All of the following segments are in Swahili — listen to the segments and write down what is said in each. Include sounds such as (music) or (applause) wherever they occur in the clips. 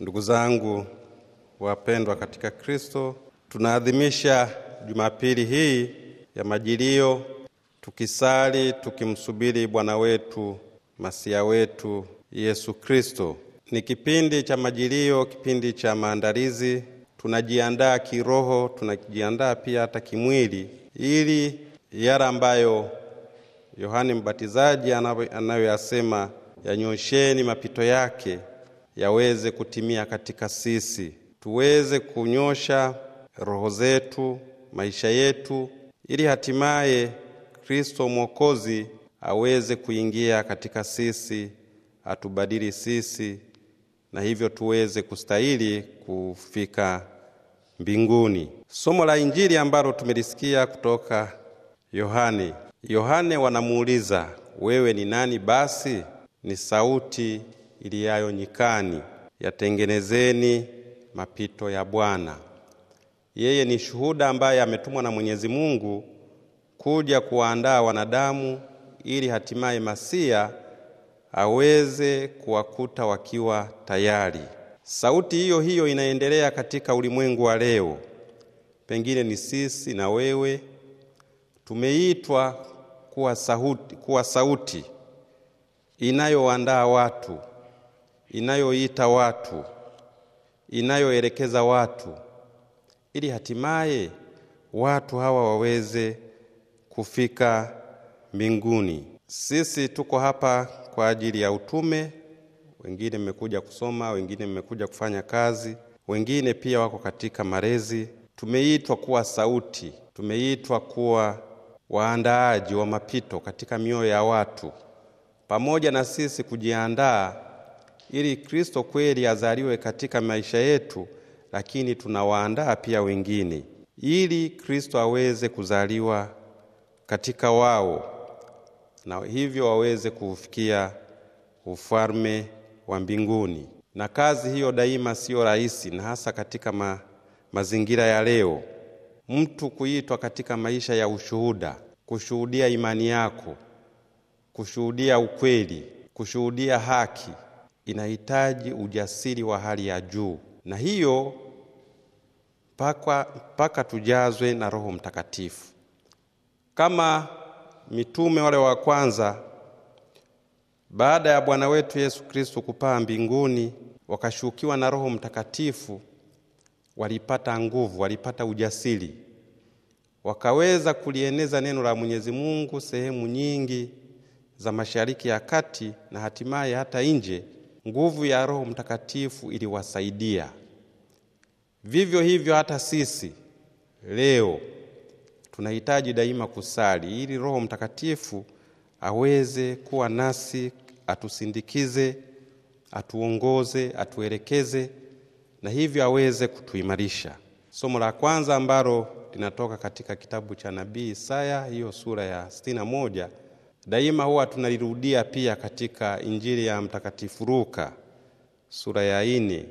Ndugu zangu wapendwa katika Kristo, tunaadhimisha Jumapili hii ya Majilio tukisali tukimsubiri Bwana wetu Masia wetu Yesu Kristo. Ni kipindi cha Majilio, kipindi cha maandalizi. Tunajiandaa kiroho, tunajiandaa pia hata kimwili, ili yara ambayo Yohani Mbatizaji anayoyasema, yanyosheni mapito yake yaweze kutimia katika sisi, tuweze kunyosha roho zetu, maisha yetu, ili hatimaye Kristo Mwokozi aweze kuingia katika sisi, atubadili sisi, na hivyo tuweze kustahili kufika mbinguni. Somo la Injili ambalo tumelisikia kutoka Yohane. Yohane wanamuuliza, wewe ni nani? Basi ni sauti iliyayo nyikani, yatengenezeni mapito ya Bwana. Yeye ni shuhuda ambaye ametumwa na Mwenyezi Mungu kuja kuwaandaa wanadamu ili hatimaye Masia aweze kuwakuta wakiwa tayari. Sauti hiyo hiyo inaendelea katika ulimwengu wa leo. Pengine ni sisi na wewe tumeitwa kuwa sauti, kuwa sauti inayoandaa watu inayoita watu, inayoelekeza watu, ili hatimaye watu hawa waweze kufika mbinguni. Sisi tuko hapa kwa ajili ya utume. Wengine mmekuja kusoma, wengine mmekuja kufanya kazi, wengine pia wako katika malezi. Tumeitwa kuwa sauti, tumeitwa kuwa waandaaji wa mapito katika mioyo ya watu, pamoja na sisi kujiandaa ili Kristo kweli azaliwe katika maisha yetu, lakini tunawaandaa pia wengine ili Kristo aweze kuzaliwa katika wao, na hivyo waweze kufikia ufalme wa mbinguni. Na kazi hiyo daima siyo rahisi, na hasa katika ma, mazingira ya leo, mtu kuitwa katika maisha ya ushuhuda, kushuhudia imani yako, kushuhudia ukweli, kushuhudia haki inahitaji ujasiri wa hali ya juu, na hiyo mpaka tujazwe na Roho Mtakatifu kama mitume wale wa kwanza. Baada ya Bwana wetu Yesu Kristo kupaa mbinguni, wakashukiwa na Roho Mtakatifu, walipata nguvu, walipata ujasiri, wakaweza kulieneza neno la Mwenyezi Mungu sehemu nyingi za Mashariki ya Kati na hatimaye hata nje nguvu ya Roho Mtakatifu iliwasaidia. Vivyo hivyo hata sisi leo tunahitaji daima kusali ili Roho Mtakatifu aweze kuwa nasi, atusindikize, atuongoze, atuelekeze na hivyo aweze kutuimarisha. Somo la kwanza ambalo linatoka katika kitabu cha nabii Isaya, hiyo sura ya sitini na moja Daima huwa tunalirudia pia katika Injili ya Mtakatifu Luka sura ya ini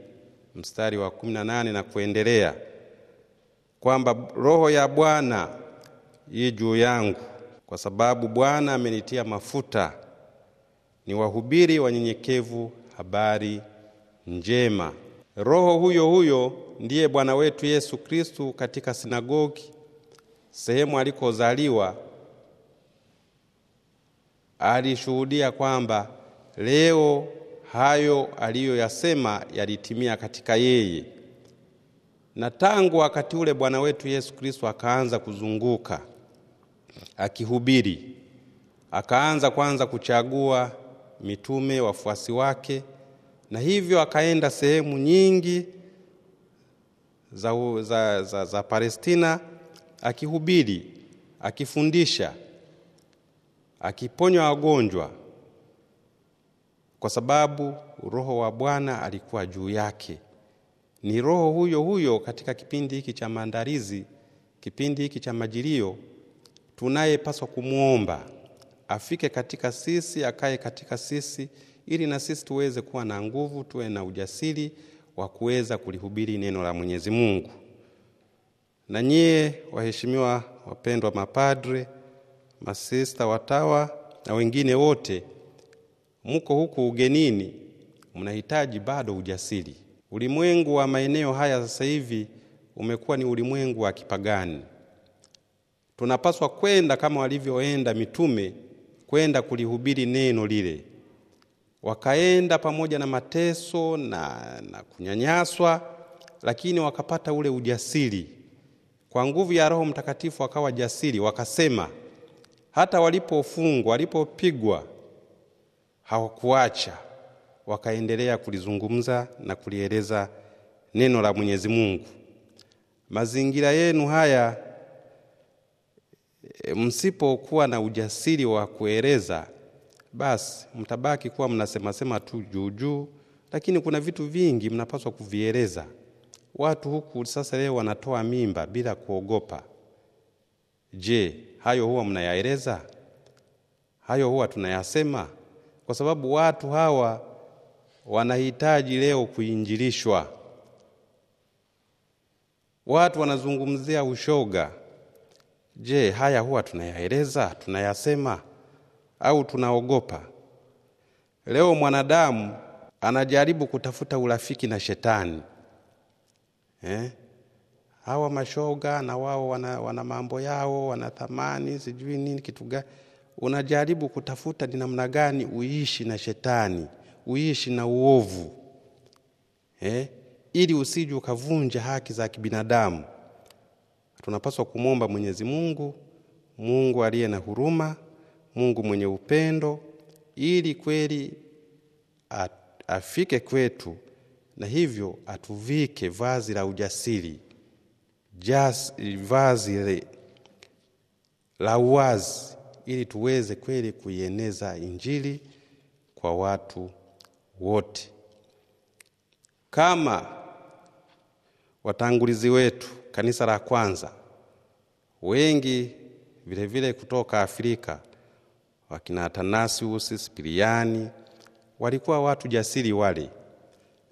mstari wa kumi na kuendelea kwamba roho ya Bwana yi juu yangu, kwa sababu Bwana amenitia mafuta ni wahubiri wanyenyekevu habari njema. Roho huyo huyo ndiye Bwana wetu Yesu Kristu katika sinagogi, sehemu alikozaliwa alishuhudia kwamba leo hayo aliyoyasema yalitimia katika yeye. Na tangu wakati ule Bwana wetu Yesu Kristo akaanza kuzunguka akihubiri, akaanza kwanza kuchagua mitume, wafuasi wake, na hivyo akaenda sehemu nyingi za, za, za, za Palestina akihubiri, akifundisha akiponya wagonjwa kwa sababu roho wa Bwana alikuwa juu yake. Ni roho huyo huyo katika kipindi hiki cha maandalizi, kipindi hiki cha majilio, tunayepaswa kumwomba afike katika sisi, akae katika sisi, ili na sisi tuweze kuwa na nguvu, tuwe na ujasiri wa kuweza kulihubiri neno la Mwenyezi Mungu. Na nyie waheshimiwa wapendwa mapadre masista, watawa na wengine wote, mko huku ugenini, mnahitaji bado ujasiri. Ulimwengu wa maeneo haya sasa hivi umekuwa ni ulimwengu wa kipagani. Tunapaswa kwenda kama walivyoenda mitume, kwenda kulihubiri neno lile. Wakaenda pamoja na mateso na, na kunyanyaswa, lakini wakapata ule ujasiri. Kwa nguvu ya Roho Mtakatifu wakawa jasiri, wakasema hata walipofungwa, walipopigwa, hawakuacha, wakaendelea kulizungumza na kulieleza neno la Mwenyezi Mungu. Mazingira yenu haya, e, msipokuwa na ujasiri wa kueleza, basi mtabaki kuwa mnasemasema tu juujuu, lakini kuna vitu vingi mnapaswa kuvieleza. Watu huku sasa leo wanatoa mimba bila kuogopa. Je, hayo huwa mnayaeleza? Hayo huwa tunayasema? Kwa sababu watu hawa wanahitaji leo kuinjilishwa. Watu wanazungumzia ushoga. Je, haya huwa tunayaeleza, tunayasema au tunaogopa? Leo mwanadamu anajaribu kutafuta urafiki na shetani eh? hawa mashoga na wao wana, wana mambo yao wana thamani sijui nini kitu gani unajaribu kutafuta ni namna gani uishi na shetani uishi na uovu eh? ili usije ukavunja haki za kibinadamu tunapaswa kumwomba mwenyezi mungu mungu aliye na huruma mungu mwenye upendo ili kweli afike kwetu na hivyo atuvike vazi la ujasiri vazi la uwazi ili tuweze kweli kuieneza Injili kwa watu wote. Kama watangulizi wetu kanisa la kwanza, wengi vilevile vile kutoka Afrika, wakina Athanasius, Spiriani walikuwa watu jasiri wale,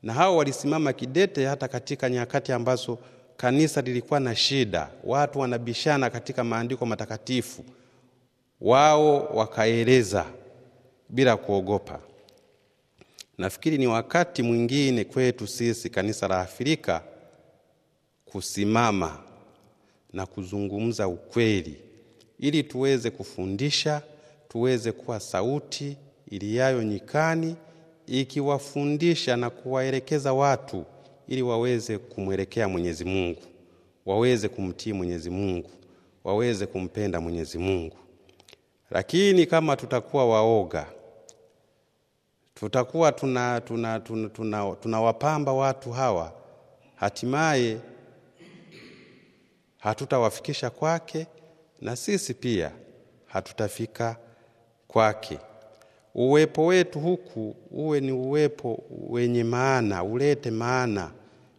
na hao walisimama kidete hata katika nyakati ambazo kanisa lilikuwa na shida, watu wanabishana katika maandiko matakatifu, wao wakaeleza bila kuogopa. Nafikiri ni wakati mwingine kwetu sisi kanisa la Afrika kusimama na kuzungumza ukweli, ili tuweze kufundisha, tuweze kuwa sauti iliyayo nyikani, ikiwafundisha na kuwaelekeza watu ili waweze kumwelekea Mwenyezi Mungu, waweze kumtii Mwenyezi Mungu, waweze kumpenda Mwenyezi Mungu. Lakini kama tutakuwa waoga, tutakuwa tunawapamba tuna, tuna, tuna, tuna, tuna watu hawa, hatimaye hatutawafikisha kwake na sisi pia hatutafika kwake uwepo wetu huku uwe ni uwepo wenye maana, ulete maana,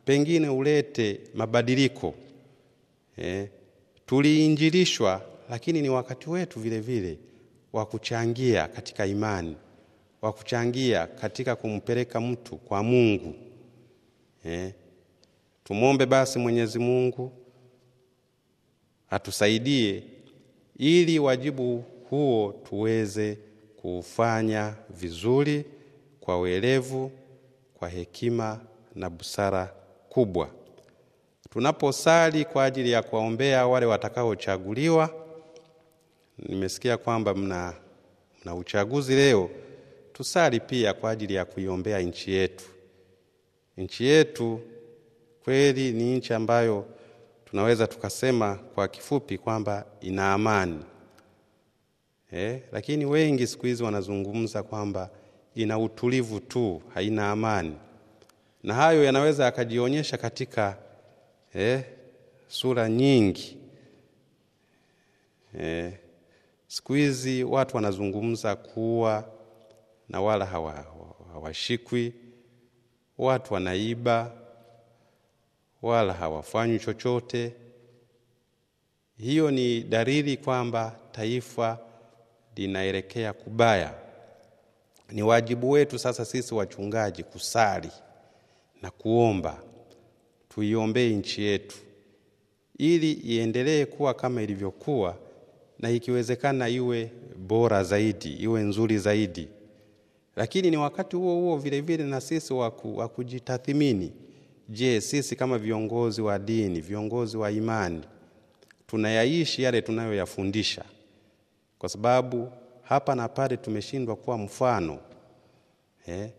pengine ulete mabadiliko eh. Tuliinjilishwa, lakini ni wakati wetu vile vile wa kuchangia katika imani, wa kuchangia katika kumpeleka mtu kwa Mungu eh. Tumwombe basi Mwenyezi Mungu atusaidie ili wajibu huo tuweze kuufanya vizuri kwa uelevu, kwa hekima na busara kubwa. Tunaposali kwa ajili ya kuwaombea wale watakaochaguliwa, nimesikia kwamba mna, mna uchaguzi leo, tusali pia kwa ajili ya kuiombea nchi yetu. Nchi yetu kweli ni nchi ambayo tunaweza tukasema kwa kifupi kwamba ina amani. Eh, lakini wengi siku hizi wanazungumza kwamba ina utulivu tu, haina amani. Na hayo yanaweza yakajionyesha katika eh, sura nyingi. Eh, siku hizi watu wanazungumza kuwa na wala hawashikwi hawa, watu wanaiba wala hawafanywi chochote. Hiyo ni dalili kwamba taifa linaelekea kubaya. Ni wajibu wetu sasa sisi wachungaji kusali na kuomba, tuiombee nchi yetu ili iendelee kuwa kama ilivyokuwa na ikiwezekana iwe bora zaidi, iwe nzuri zaidi. Lakini ni wakati huo huo vile vile na sisi wa kujitathmini. Je, sisi kama viongozi wa dini, viongozi wa imani tunayaishi yale tunayoyafundisha? kwa sababu hapa na pale tumeshindwa kuwa mfano eh?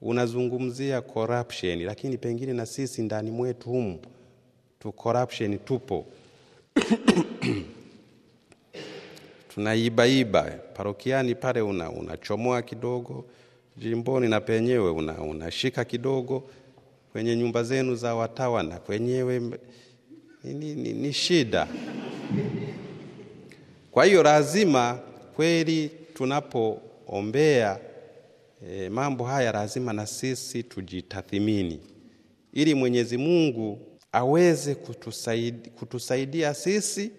Unazungumzia corruption, lakini pengine na sisi ndani mwetu humu tu corruption tupo (coughs) tunaibaiba parokiani pale una unachomoa kidogo, jimboni na penyewe una unashika kidogo, kwenye nyumba zenu za watawa na kwenyewe ni, ni, ni, ni shida kwa hiyo lazima kweli tunapoombea e, mambo haya lazima na sisi tujitathimini ili Mwenyezi Mungu aweze kutusaidia, kutusaidia sisi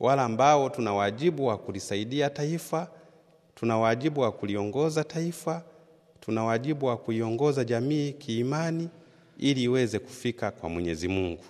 wala ambao tuna wajibu wa kulisaidia taifa, tuna wajibu wa kuliongoza taifa, tuna wajibu wa kuiongoza jamii kiimani ili iweze kufika kwa Mwenyezi Mungu.